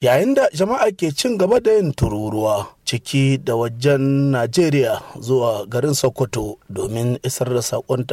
yayin da jama'a ke cin gaba da yin tururuwa ciki da wajen najeriya zuwa garin sokoto domin isar da sakon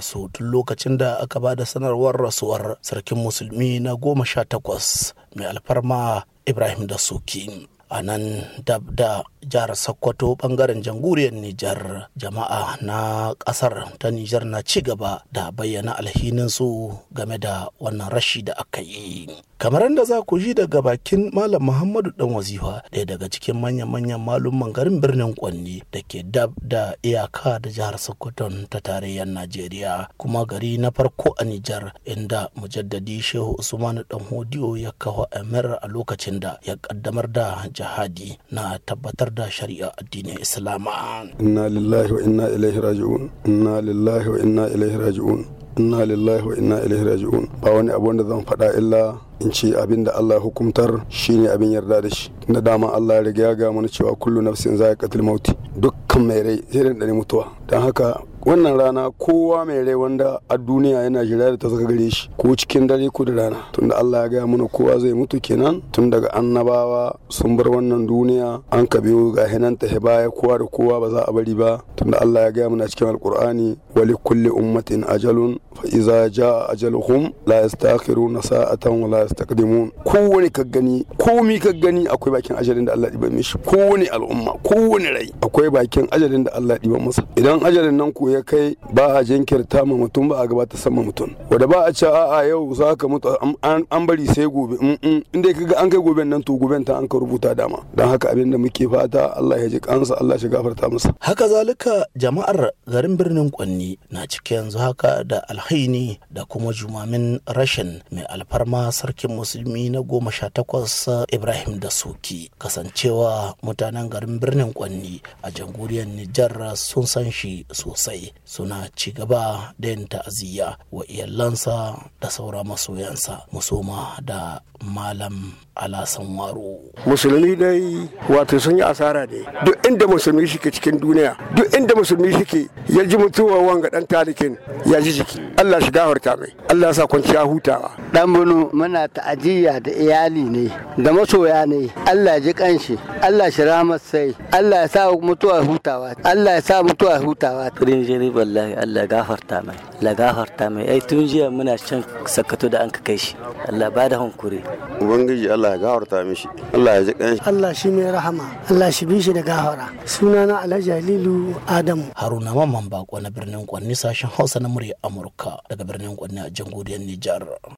su tun lokacin da aka ba da sanarwar rasuwar sarkin musulmi na goma sha takwas mai alfarma ibrahim da suki a nan dab da jihar sokoto bangaren jamhuriyar nijar jama'a na kasar ta nijar na ci gaba da bayyana alhinin su game da wannan rashi da aka yi kamar da za ku ji daga bakin malam muhammadu dan wazifa ɗaya daga cikin manya-manyan malumman garin birnin kwanni da ke dab da iyaka da jihar Sokoto ta tarayyar najeriya kuma gari na farko a nijar inda mujaddadi shehu usmanu dan hodiyo ya kawo a lokacin da ya kaddamar da jihadi na tabbatar da shari'a addinin islama inna lillahi wa inna ilaihi raji'un inna lillahi wa inna ilaihi raji'un inna lillahi wa inna ilaihi raji'un ba wani abu da zan faɗa illa in ce abin da Allah hukumtar shine abin yarda da shi na dama Allah ya riga ya ga mana cewa kullu nafsin za'iqatul mauti dukkan mai rai zai dandane mutuwa don haka wannan rana kowa mai rai wanda a duniya yana jira da ta saka gare shi ko cikin dare ko da rana tunda Allah ya gaya mana kowa zai mutu kenan tun daga annabawa sun bar wannan duniya an ka biyo ga hinan ta baya kowa da kowa ba za a bari ba tunda Allah ya gaya mana cikin alkur'ani wali kulli ummatin ajalun fa iza jaa ajaluhum la yastakhiruna sa'atan wa la yastaqdimun kowane ka gani komi ka gani akwai bakin ajalin da Allah ya diba mishi kowani al'umma kowani rai akwai bakin ajalin da Allah ya diba masa idan ajalin nan ko ya kai ba a jinkirta ma mutum ba a gabata sama mutum wanda ba a ce a yau za ka mutu an bari sai gobe mm, mm. in dai kaga an kai gobe nan to gobe ta an ka rubuta dama don haka abin da muke fata Allah ya ji kansa Allah shi gafarta masa haka zalika jama'ar garin birnin Kwanni na cike yanzu haka da alhaini da kuma jumamin rashin mai alfarma sarkin musulmi na goma sha takwas Ibrahim da Soki kasancewa mutanen garin birnin Kwanni a jamhuriyar Nijar sun san shi sosai suna ci gaba da yin ta'aziyya wa iyalansa da saura masoyansa musoma da malam alasan waro musulmi dai wato sun yi asara ne duk inda musulmi shike cikin duniya duk inda musulmi shike ya ji mutuwa wanga dan talikin ya ji jiki Allah shiga Harka mai Allah sa kwanciya hutawa dan bunu muna ta'aziyya da iyali ne da masoya ne Allah ji kanshi Allah shi rahmat sai Allah ya sa mutuwa hutawa Allah ya sa mutuwa hutawa rin jini wallahi Allah gafarta mai la gafarta mai ai tun jiya muna can sakato da an ka kai shi Allah ba da hankuri ubangiji Allah ya gafarta mishi Allah ya ji kanshi Allah shi mai rahama Allah shi bi shi da gafara sunana Alhaji Halilu Adamu Haruna Mamman Bako na birnin Kwanni sashen Hausa na murya Amurka daga birnin Kwanni a jangodiyar Nijar